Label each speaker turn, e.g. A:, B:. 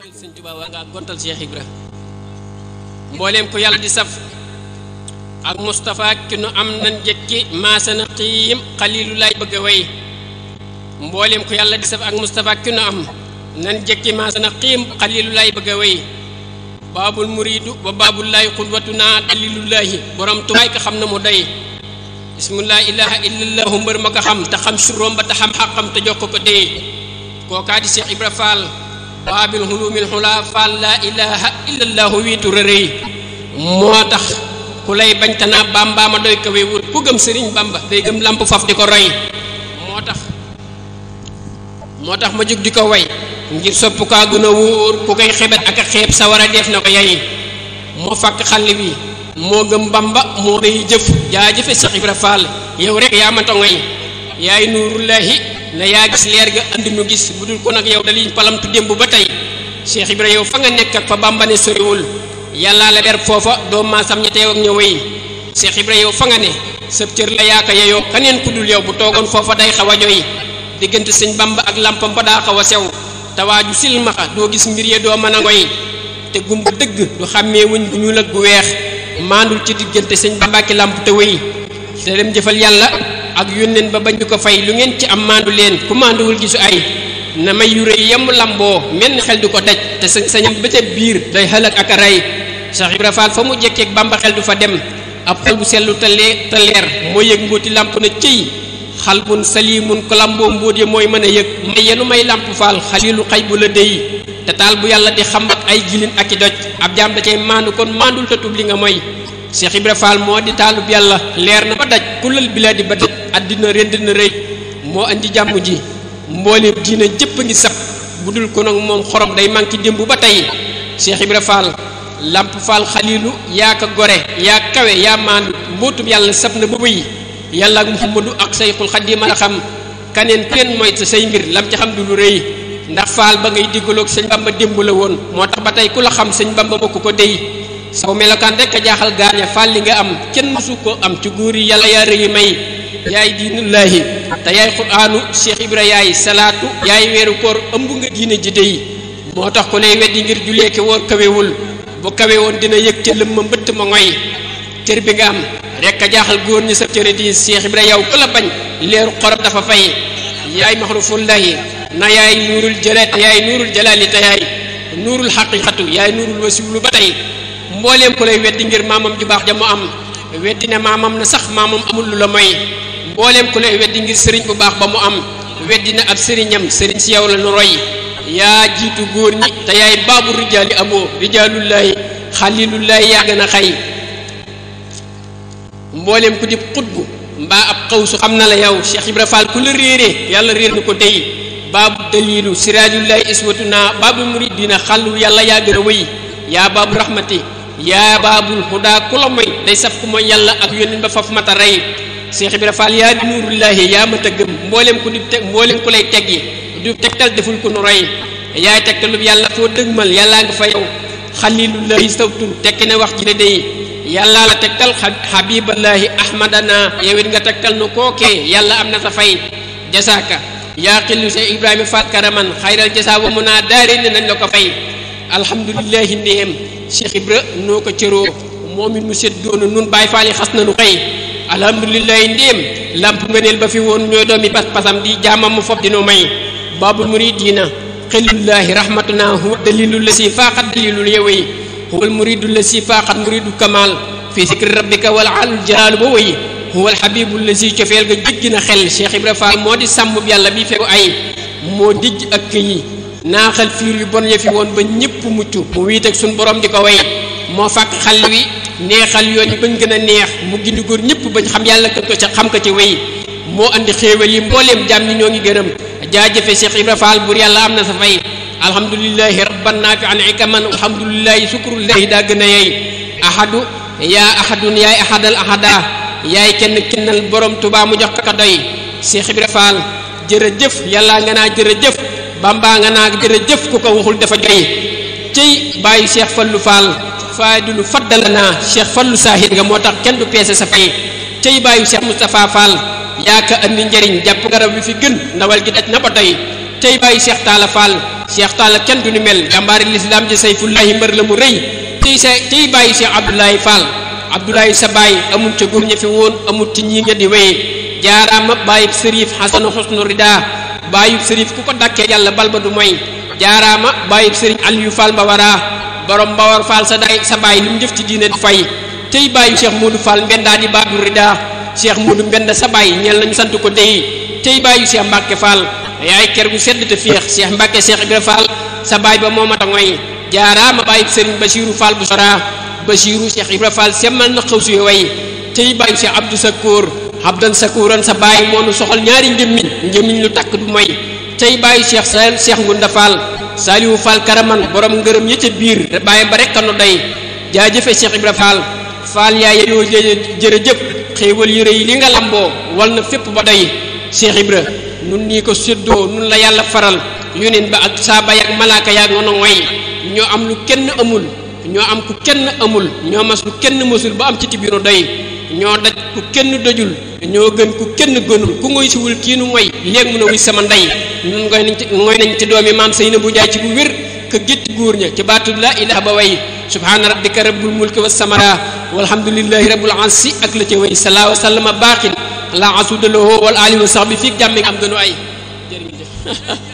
A: xëy sëñ ko yàlla di saf ak Moustapha ki nu am nan jëkki maasana xiim yàlla di saf ak Moustapha ki xiim xalilu laay bëgg a way baabul muriidu wa baabullaahi xulwatunaa dalilullaahi borom tubaay ka xam na mu doy bismillah ilaha illallahu mbër ma ko xam te xam suróom ba te xam xaqam te jox ko dee kookaa di Ibra Fall waa bil hulumil xulaa fal laa ilaha illa allahu wiitu rërëy moo tax ku lay bañtanaa bambaama doy kawe wut ku gëm sëriñ bamba day gëm lamp faf di ko roy moo tax moo tax ma jug di ko way ngir sopp kaa gën wóor ku koy xebet ak xeeb sa war a def na ko yayi moo fàkk xàll wi moo gëm bamba moo day jëf jaajëfe Seex Ibra Faal yow rek yaa ma tongoy yaay nuurullahi na yaa gis leer ga andi nu gis bu dul ko nag yow daliñ palamtu démb ba tey cheikh ibra fa nga nekk ak fa bambane soriwul yàllaa la ber foofa doom maasam ña teew ak ña cheikh ibra fa nga ne sab cër la yaaka yeyoo kaneen ku dul yow bu toogoon foofa day xaw a joy diggante sëñ bamba ak lampam ba daa xaw a sew tawaaju silmaxa doo gis mbir ya doo mën a ngoy te dëgg du xàmmee wuñ bu ñuul ak bu weex maandul ci diggante sëñ bamba ki lamp te wéy te dem jëfal yàlla ak yónneen ba bañu ko fay lu ngeen ci am mandu len ku maanduwul gisu ay na may yu rëy yam lamboo menn xel du ko daj te sañ sañam ba ca biir day xalak ak ray Cheikh Ibra Fall fa mu jekkeeg bamba xel du fa dem ab xol bu sellu te te leer moo yëg na salimun ko lamboo mbóot ya mooy mën may yenu ya may làmp faal xalilu xay la déy te taal bu di xam ak ay jilin ak doj ab da kon mandul te tub li nga mooy Cheikh Ibra Fall moo di taalub yàlla leer na ba daj kulal bila di ba daj àddina rend na rëy moo andi jàmm ji mbooleem diina jëpp ngi sab bu dul ko nag moom xorom day manqué démb ba tey cheikh ibra fall lamp fall khalilu yaa ka gore yaa kawe ya mandu mbootum yàlla sab na ba bëy ak muhammadu ak sayxul xaddim a xam kanen kenn mooy sa say mbir lam ci xam du lu rëy ndax faal ba ngay diggaloog sëñ bamba démb la woon moo tax ba tey ku la xam sëñ bamba bokk ko dey saw melokaan rek a li nga am kenn musuko am ci góor yi yàlla yaa may yaay diinullaahi te yaay quraanu Cheikh Ibra yaay salaatu yaay weeru koor ëmb nga diine ji dey moo tax ku lay weddi ngir julee ki woor kawewul bu kawe woon dina yëg ca lëmm mbëtt ma ngoy cër bi nga am rek a jaaxal góor ni sa cëre di Cheikh Ibra yow ku bañ leeru xorom dafa fay yaay maxrufullahi na yaay nuurul jalaal yaay nuurul jalaali te yaay nuurul xaqiqatu yaay nuurul wasiwlu ba tey mbooleem ku lay weddi ngir maamam ju baax ja mu am weddi ne maamam na sax maamam amul lu la may mbooleem ku lay weddi ngir sëriñ bu baax ba mu am weddi na ab sëriñam sëriñ si yow la nu roy yaa jiitu góor ñi te yaay baabu rijaali amoo rijaalullaay xalilullaay yaa gën a xay mbooleem ku di xutbu mbaa ab xaw su xam na la yow Cheikh Ibra Fall ku la réeree yàlla réer na ko tey baabu dalilu siraajullaay iswatuna baabu dina xàll yàlla yaa gën a wéy yaa baabu rahmati yaa baabul hudaa ku la moy day saf ku mooy yàlla ak yónnin ba faf mata rey Cheikh Ibra Fall yaa di nuurullahi yaa mata gëm mbooleem ku di teg mbooleem ku lay teggi du tegtal deful ku nu roy yaay tegtalub yàlla foo dëgmal yàllaa nga fa yow xalilullahi sawtun tekki ne wax ji ne day yàllaa la tegtal xabiballahi ahmadana yow nga tegtal nu kookee yàlla am na sa fay jasaaka yaa xillu Cheikh Ibrahima Fall karaman xayral jasa wa naa daari ne nañ la ko fay alhamdulillahi Cheikh Ibra noo ko cëroo moom it mu séddoo na nun Baay Faal yi xas nañu xëy alhamdulilahi ndéem lamp ngëneel ba fi woon ñooy doomi pas-pasam di jaamam mu fob dinu may baabul muridina xelullaahi rahmatuna huwa dalilu la si faaxat dalilul yowoy huwa almuridu la si faaxat muridu kamal fi zikri rabbika wal alul jalaalu ba woy huwa alxabibu la si cofeel ga jéggi na xel Cheikh Ibra Fall moo di sàmm yàlla bi fegu ay moo dijj ak yi naaxal fiir yu bon ya fi woon ba ñépp mucc mu wiit ak suñ borom di ko way moo fàkk xal wi neexal yoon yi bañ gën a neex mu gindi góor ñépp bañ xam yàlla ko ca xam ko ci way moo andi xéewal yi mbooleem jàmm ñi ñoo ngi gërëm jaajëfe Cheikh Ibra Fall buur yàlla am na sa fay alhamdulilahi rabban naafi an ikaman alhamdulilahi sukrullahi daa gën a yey ahadu yaa ahadun yaay ahadal ahada yaay kenn kennal borom tubaa mu jox ko doy Cheikh Ibra Fall jërëjëf yàlla nga bambaa nga naag jërëjëf ku ko waxul dafa joy cëy bàyyi Cheikh Fallou Fall faadilu faddala naa Cheikh Fallou saahir nga moo tax kenn du peese sa fay cëy bàyyi Cheikh Moustapha Fall yaaka andi njëriñ jàpp garab bi fi gën ndawal gi daj na ba tey cëy bàyyi Cheikh Talla Fall Cheikh Talla kenn du ni mel jàmbaari lislaam ji sayfullahi mbër la mu rëy cëy sa cëy bàyyi Cheikh Abdoulaye Fall Abdoulaye sa baay amul ca góor ña fi woon amul ci ñi nga di wéye jaaraama bàyyi sërif xasanu xusnu rida bàyyub sëriñ ku ko dakkee yàlla bal ba du moy jaaraama bàyyub sëriñ Aliou Fall Mbawara borom Mbawar faal sa day sa bàyyi li mu jëf ci diine du fay tey bàyyu Cheikh Modou Fall mbendaa di baadu rida Cheikh Modou mbend sa bàyyi ñeel nañu sant ko dey tey bàyyu Cheikh Mbacke Fall yaay ker gu sedd te féex seex Mbacke Cheikh Ibra Fall sa baay ba moo mat moy ngoy jaaraama bàyyub sëriñ Bachirou Fall bu sora Bachirou Cheikh Ibra Fall semmal na xaw suy way tey bàyyu Cheikh Abdou Sakkour abdan sakuran sa baay moo nu soxal ñaari njëmmiñ njëmmiñ lu takk du moy tey bàyyi cheikh sa cheikh ngunda fall saaliwu fall karaman borom ngërëm ya ca biir te bàyyi ba rekk a nu day jaajëfe cheikh ibra fall fall yaa yeyoo jërëjëf xéewal yu rëy li nga lamboo wal na fépp ba doy cheikh ibra nun nii ko séddoo nun la yàlla faral yoneen ba ak saaba yaak malaaka yaak noonu ngoy ñoo am lu kenn amul ñoo am ku kenn amul ñoo mas lu kenn mësul ba am ci tibiru doy ñoo daj ku kenn dajul ñoo gën ku kenn gënul ku ngoy siwul kii nu ngoy léegi mun a wuy sama ndey nun ngoy nañ ci nañ ci doomi maam sëy na bu jaay ci bu wér ka gétti góor ña ca baatu la ilaha ba way subhaana rabbika rabbul mulki wa samara walhamdulillahi rabbil ansi ak la ca way salaa wa sallama baaxin la asuudalowoo wal aali wa sax bi fii jàmme am gënu ay